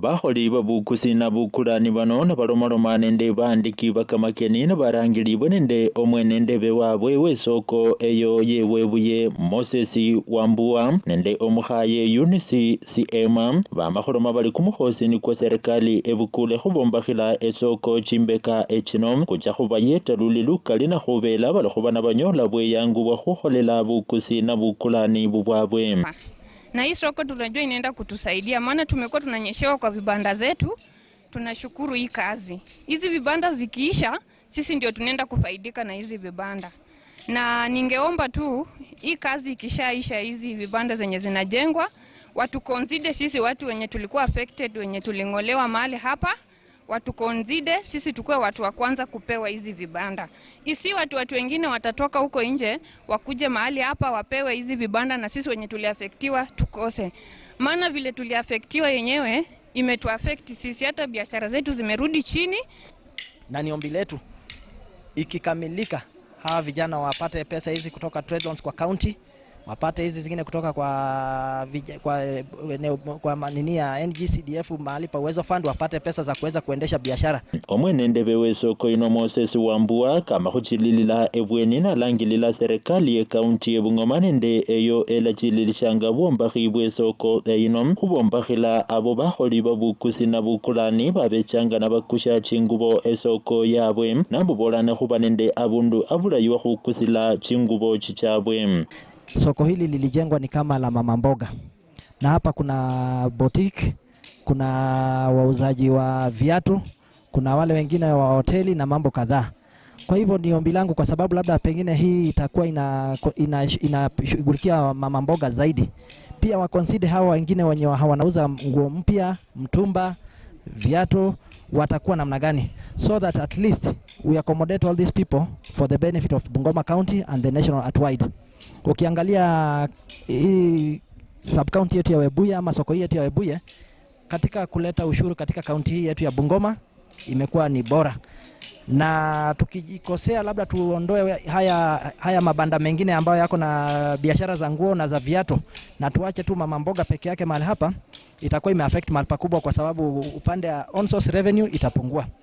bakholi babukusi na bukulani bano nabalomaloma nende bandiki bakamakeni nebarangilibwe nende omwenendebe wabwe wesoko eyo yewebwiye moses wambuwa nende omukhaye yunisi siema bama bali kumukhosi nikwo serekali ebukule khubombakhila esoko chimbeka echino kucha khubayeta luli lukali nakhubela balikhuba nabanyola bweyangu bwa khukholela bukusi na bubwabwe na hii soko tunajua inaenda kutusaidia, maana tumekuwa tunanyeshewa kwa vibanda zetu. Tunashukuru hii kazi, hizi vibanda zikiisha, sisi ndio tunaenda kufaidika na hizi vibanda na ningeomba tu hii kazi ikishaisha, hizi vibanda zenye zinajengwa, watu consider sisi watu wenye tulikuwa affected, wenye tuling'olewa mahali hapa watu konzide sisi tukue watu wa kwanza kupewa hizi vibanda, isi watu watu wengine watatoka huko nje wakuje mahali hapa wapewe hizi vibanda, na sisi wenye tuliafektiwa tukose, maana vile tuliafektiwa yenyewe imetuafekti sisi, hata biashara zetu zimerudi chini, na ni ombi letu ikikamilika, hawa vijana wapate pesa hizi kutoka Trade Loans kwa county wapate hizi zingine kutoka kwa kwa, kwa nini ya NGCDF mahali pa uwezo fund wapate pesa za kuweza kuendesha biashara omwene ndebe wesoko ino Moses Wambua kama khuchililila ebweni nalangilila serikali ya Bungoma nende eyo elachililishanga bwombakhi bwesoko eino khubombakhila abo bakholi babukusi nabukulani babechanga nabakusha chingubo esoko yabwe bolane khuba nende abundu abulayi wakhukusila chingubo chichabwe Soko hili lilijengwa ni kama la mama mboga, na hapa kuna boutique, kuna wauzaji wa viatu, kuna wale wengine wa hoteli na mambo kadhaa. Kwa hivyo ni ombi langu, kwa sababu labda pengine hii itakuwa inashughulikia ina mama mboga zaidi, pia wakonside hawa wengine wenye wanauza nguo mpya, mtumba, viatu watakuwa namna gani, so that at least we accommodate all these people for the benefit of Bungoma County and the national at wide. Ukiangalia hii sub county yetu ya Webuye ama soko hii yetu ya Webuye katika kuleta ushuru katika kaunti hii yetu ya Bungoma imekuwa ni bora, na tukijikosea labda tuondoe haya, haya mabanda mengine ambayo yako na biashara za nguo na za viatu na tuache tu mama mboga peke yake mahali hapa, itakuwa imeaffect mahali pakubwa, kwa sababu upande ya on source revenue itapungua.